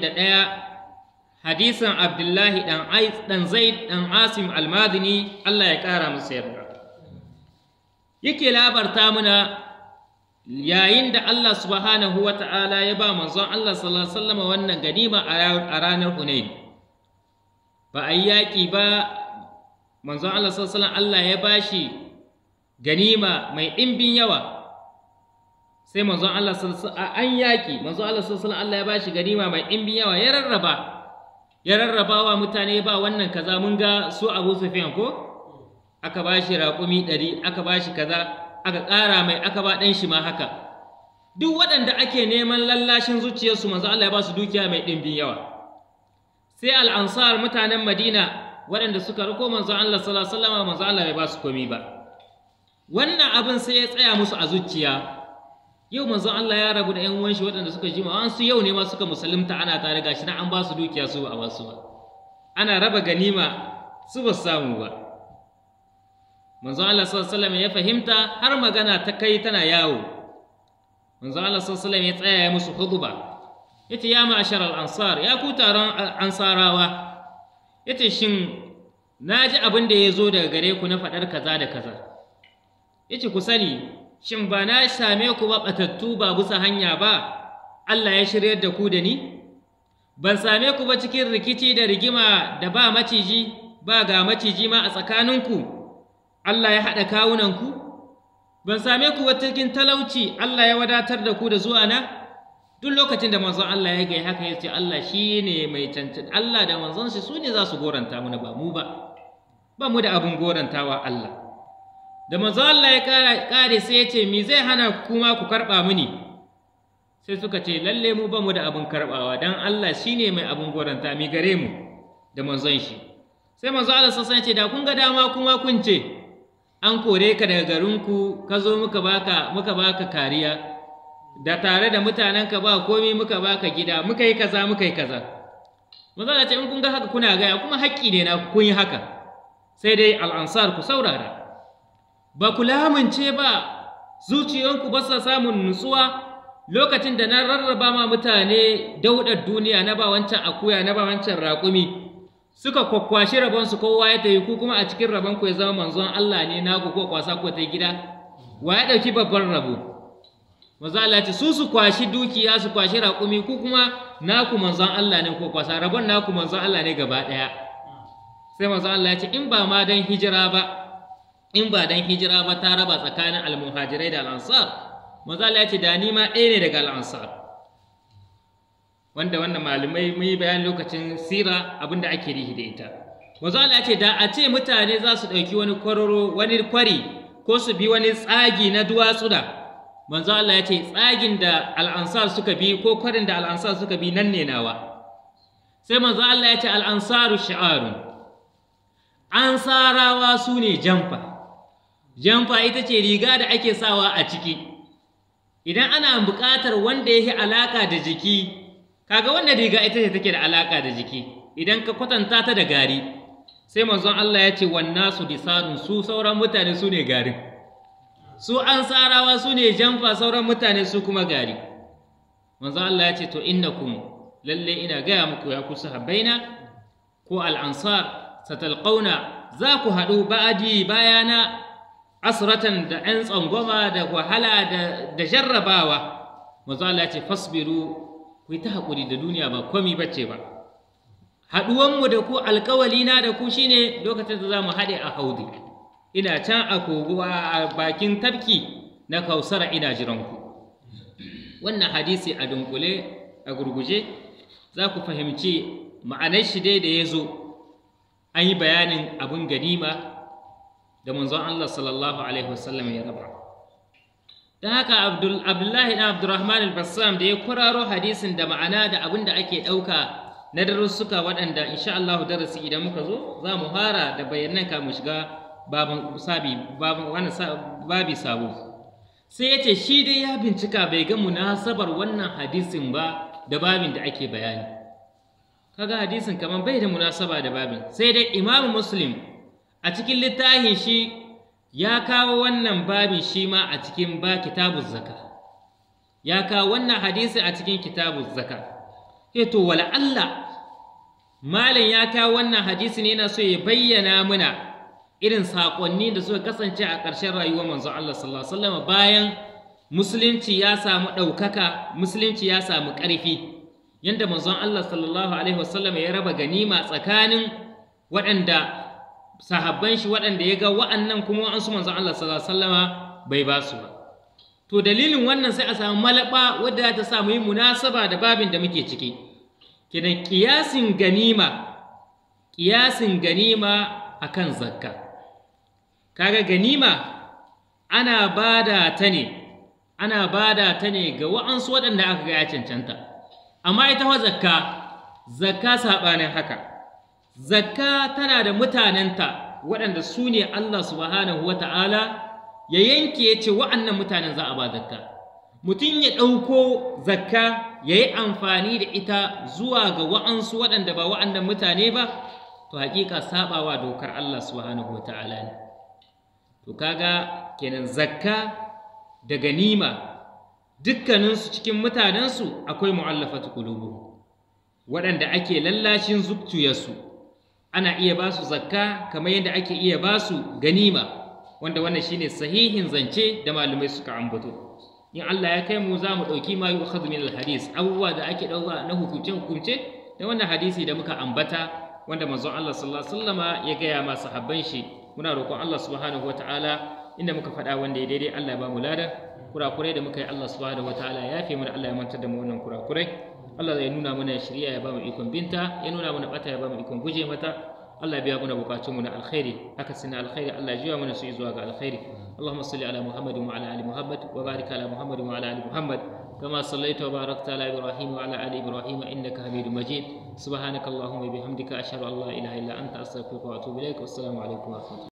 da ɗaya hadisin abdullahi ɗan zaid ɗan asim almadini allah ya ƙara musu yarda yake labarta muna yayin da allah subhanahu wa ta'ala ya ba manzon allah sallallahu wannan ganima a ranar hunain ba a yi yaƙi ba manzon allah sallallahu allah ya ba shi ganima mai ɗimbin yawa sai manzon Allah an yaƙi manzon Allah sallallahu Allah ya bashi ganima mai ɗimbin yawa ya rarraba ya rarraba wa mutane ba wannan kaza mun ga su Abu Sufyan ko aka bashi raƙumi ɗari aka bashi kaza aka ƙara mai aka ba ɗan shi ma haka duk waɗanda ake neman lallashin zuciyarsu manzon Allah ya ba su dukiya mai ɗimbin yawa sai al'ansar mutanen Madina waɗanda suka riko manzon Allah sallallahu alaihi wasallam manzon Allah bai ba su komai ba wannan abin sai ya tsaya musu a zuciya yau manzon Allah ya rabu da ƴan uwan shi waɗanda suka jima an su yau ne ma suka musulunta ana tare gashi na an ba su dukiya su ba a basu ba ana raba ganima su ba samu ba manzon Allah sallallahu alaihi wasallam ya fahimta har magana ta kai tana yawo manzon Allah sallallahu alaihi wasallam ya tsaya ya musu huduba yace ya ma'ashar al-ansar ya ku taron ansarawa yace shin naji abin da ya zo daga gare ku na faɗar kaza da kaza yace ku sani shin ba na same ku ba batattu ba bisa hanya ba Allah ya shiryar da ku da ni ban same ku ba cikin rikici da rigima da ba maciji ba ga maciji ma a tsakaninku Allah ya haɗa kawunanku ban same ku ba cikin talauci Allah ya wadatar da ku da zuwa na duk lokacin da manzon Allah ya gaya haka ya ce Allah shi ne mai cancan Allah da manzon shi su ne za su goranta mana ba mu ba ba mu da abin gorantawa Allah da manzo Allah ya kare sai ya ce mi zai hana kuma ku karɓa mini sai suka ce lalle mu bamu da abin karɓawa dan Allah shine mai abin goranta mi gare mu da manzon shi sai manzo Allah ya ce da kun ga dama kuma kun ce an kore ka daga garinku ka zo muka baka muka baka kariya da tare da mutanen ka ba komi muka baka gida muka yi kaza muka yi kaza manzo Allah ya ce in kun ga haka kuna gaya kuma haƙƙi ne na kun yi haka sai dai al'ansar ku saurara ba ku lamince ba zuciyanku ba sa samun nutsuwa lokacin da na rarraba ma mutane daudar duniya na ba wancan akuya na ba wancan raƙumi suka kwakwashi rabonsu kowa ya tafi ku kuma a cikin rabonku ya zama manzon Allah ne na ku ko kwasa ko ta gida wa ya ɗauki babban rabo manzon Allah ce su su kwashi dukiya su kwashi raƙumi ku kuma naku manzon Allah ne ko kwasa rabon naku manzon Allah ne gaba ɗaya sai manzon Allah ya ce in ba ma dan hijira ba in ba dan hijira ba ta raba tsakanin almuhajirai da al'ansar maza Allah ya ce da ni ma ɗaya ne daga al'ansar wanda wannan malamai mun yi bayan lokacin sira abinda ake rihi da ita maza Allah ya ce da a ce mutane za su ɗauki wani kwaroro wani kwari ko su bi wani tsagi na duwatsu da manzo Allah ya ce tsagin da al'ansar suka bi ko kwarin da al'ansar suka bi nan ne nawa sai manzo Allah ya ce al'ansaru sha'aru ansarawa su ne jamfa jamfa ita ce riga da ake sawa a ciki idan ana buƙatar wanda ya yi alaƙa da jiki kaga wannan riga ita ce take da alaƙa da jiki idan ka kwatanta ta da gari sai manzon Allah ya ce wannan su lisanun su sauran mutane su ne garin su an sarawa su ne jamfa sauran mutane su kuma gari manzon Allah ya ce to innakum lalle ina gaya muku ya kusa habbaina ko al'ansar satalqauna za ku haɗu ba'adi bayana asratan da 'yan tsangwama da wahala da jarrabawa manzo ce fasbiru ku yi ta haƙuri da duniya ba komi bace ba haɗuwanmu da ku na da ku shine lokacin da za mu haɗe a haudi ina can a kogo a bakin tafki na kausara ina jiranku wannan hadisi a dunkule a gurguje za ku fahimci ma'anar shi dai da ya zo an yi bayanin abin ganima da manzon Allah sallallahu alaihi wasallam ya raba Dan haka abdullahi na abdurrahman al-bassam da ya kuraro hadisin da ma'ana da abin da ake ɗauka na darussuka waɗanda insha Allah darasi idan muka zo za mu fara da bayanan ka mu shiga babin sabi wannan babi sabo sai yace shi dai ya bincika bai ga munasabar wannan hadisin ba da babin da ake bayani kaga hadisin kamar bai da munasaba da babin sai dai Imam muslim a cikin littafin shi ya kawo wannan babin shi ma a cikin ba kitabun zaka ya kawo wannan hadisi a cikin kitabun zaka eto eh wala Allah malin ya kawo wannan hadisi ne yana so ya bayyana muna irin saƙonni da suka kasance a ƙarshen rayuwar manzo Allah sallallahu alaihi wasallam bayan musulunci ya samu ɗaukaka musulunci ya samu ƙarfi yadda manzon Allah sallallahu alaihi wasallam ya raba ganima tsakanin waɗanda sahabban shi waɗanda ya ga wa'annan kuma wa'ansu manzon Allah sallallahu alaihi bai ba su ba to dalilin wannan sai a samu malaba wadda ta samu yi munasaba da babin da muke ciki kenan kiyasin ganima kiyasin ganima akan zakka kaga ganima ana bada ta ne ana bada ta ne ga wa'ansu waɗanda aka ga ya cancanta amma ita wa zakka zakka saɓanin haka zakka tana da mutanenta waɗanda su ne Allah subhanahu wa ta'ala ya yanke ya ce wa'annan mutanen za a ba zakka mutum ya ɗauko zakka ya yi amfani da ita zuwa ga wa'ansu waɗanda ba wa'annan mutane ba to haƙiƙa saɓawa dokar Allah subhanahu wa ta'ala ne to kaga kenan zakka da ganima dukkaninsu cikin mutanensu akwai mu'allafatu qulubuhum waɗanda ake lallashin zuktuyarsu ana iya ba su zakka kamar yadda ake iya ba su ganima wanda wannan shine sahihin zance da malamai suka ambato in Allah ya kai mu za mu ɗauki ma yi ukhadhu min alhadis abubuwa da ake ɗauka na hukunce hukunce da wannan hadisi da muka ambata wanda manzon Allah sallallahu alaihi wasallama ya gaya ma sahabban shi muna roƙon Allah subhanahu wataala inda muka faɗa wanda ya daidai Allah ya ba mu lada kurakurai da muka yi Allah subhanahu wataala ya fi mana Allah ya mantar da mu wannan kurakurai Allah ya nuna mana shari'a ya ba mu ikon binta ya nuna mana bata ya ba mu ikon guje mata Allah biya muna mu na alkhairi haka sina alkhairi Allah jiya mana su zuwa ga alkhairi Allahumma salli ala Muhammadin wa ala ali Muhammad wa barik ala Muhammadin wa ala ali Muhammad كما صليت وباركت على إبراهيم وعلى آل إبراهيم إنك حميد مجيد سبحانك اللهم وبحمدك أشهد أن لا إله إلا أنت أستغفرك وأتوب إليك والسلام عليكم ورحمة الله